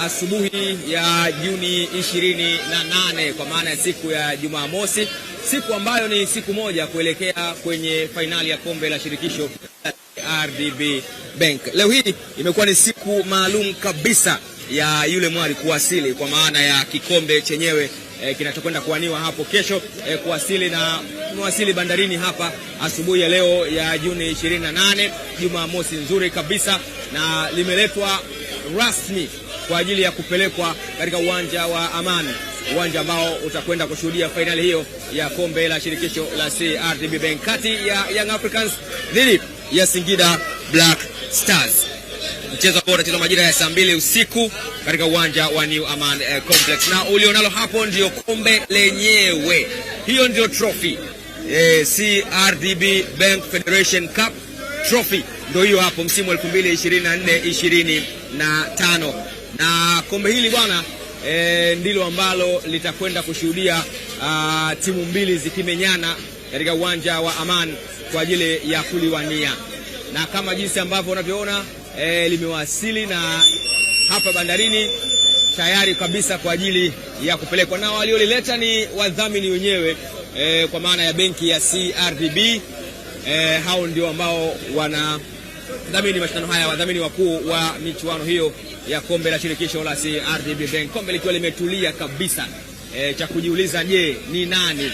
asubuhi ya Juni 28 kwa maana ya siku ya Jumamosi, siku ambayo ni siku moja kuelekea kwenye fainali ya kombe la shirikisho RDB Bank. Leo hii imekuwa ni siku maalum kabisa ya yule mwari kuwasili kwa maana ya kikombe chenyewe e, kinachokwenda kuaniwa hapo kesho e, kuwasili na mewasili bandarini hapa asubuhi ya leo ya Juni 28, Jumamosi nzuri kabisa na limeletwa rasmi kwa ajili ya kupelekwa katika uwanja wa Amani, uwanja ambao utakwenda kushuhudia fainali hiyo ya kombe la shirikisho la CRDB Bank kati ya Young Africans dhidi ya Singida Black Stars mchezo ambao unachezwa majira ya saa mbili usiku katika uwanja wa New Aman eh, Complex. Na ulionalo hapo ndio kombe lenyewe, hiyo ndio trophy eh, CRDB Bank Federation Cup trophy ndio hiyo hapo, msimu wa 2024 25 na kombe hili bwana e, ndilo ambalo litakwenda kushuhudia timu mbili zikimenyana katika uwanja wa Aman kwa ajili ya kuliwania, na kama jinsi ambavyo unavyoona e, limewasili na hapa bandarini tayari kabisa kwa ajili ya kupelekwa, na waliolileta ni wadhamini wenyewe e, kwa maana ya benki ya CRDB e, hao ndio ambao wana kudhamini mashindano haya, wadhamini wakuu wa michuano hiyo ya kombe la shirikisho la CRDB Bank, kombe likiwa limetulia kabisa. E, cha kujiuliza, je, ni nani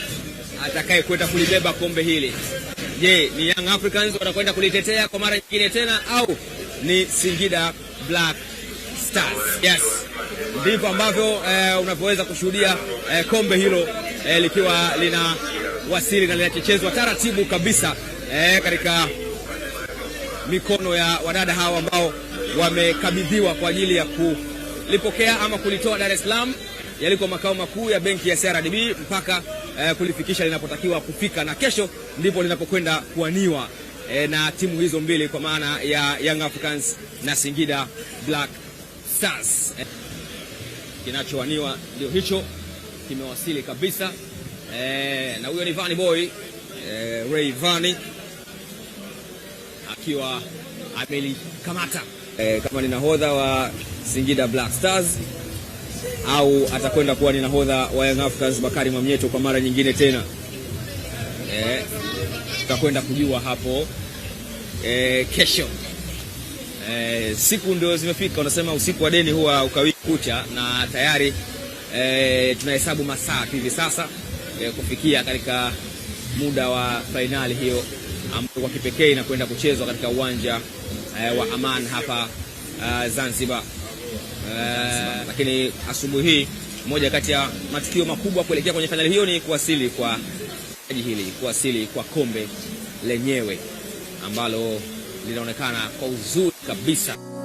atakaye kwenda kulibeba kombe hili? Je, ni Young Africans watakwenda kulitetea kwa mara nyingine tena au ni Singida Black Stars? Yes, ndivyo ambavyo e, unavyoweza kushuhudia e, kombe hilo e, likiwa linawasili na linachechezwa taratibu kabisa e, katika mikono ya wadada hawa ambao wamekabidhiwa kwa ajili ya kulipokea ama kulitoa Dar es Salaam yaliko makao makuu ya benki ya CRDB mpaka eh, kulifikisha linapotakiwa kufika, na kesho ndipo linapokwenda kuaniwa eh, na timu hizo mbili kwa maana ya Young Africans na Singida Black Stars. Eh, kinachoaniwa ndio hicho, kimewasili kabisa eh, na huyo ni Vani Boy eh, Ray Vani akiwa amelikamata e, kama ni nahodha wa Singida Black Stars au atakwenda kuwa ni nahodha wa Young Africans Bakari mamnyeto kwa mara nyingine tena. E, tutakwenda kujua hapo e, kesho. E, siku ndio zimefika, unasema usiku wa deni huwa ukawi kucha, na tayari e, tunahesabu masaa hivi sasa e, kufikia katika muda wa fainali hiyo ambayo kwa kipekee inakwenda kuchezwa katika uwanja uh, wa aman hapa uh, Zanzibar. Uh, lakini asubuhi hii moja kati ya matukio makubwa kuelekea kwenye fainali hiyo ni kuwasili kwa taji hili, kuwasili kwa kombe lenyewe ambalo linaonekana kwa uzuri kabisa.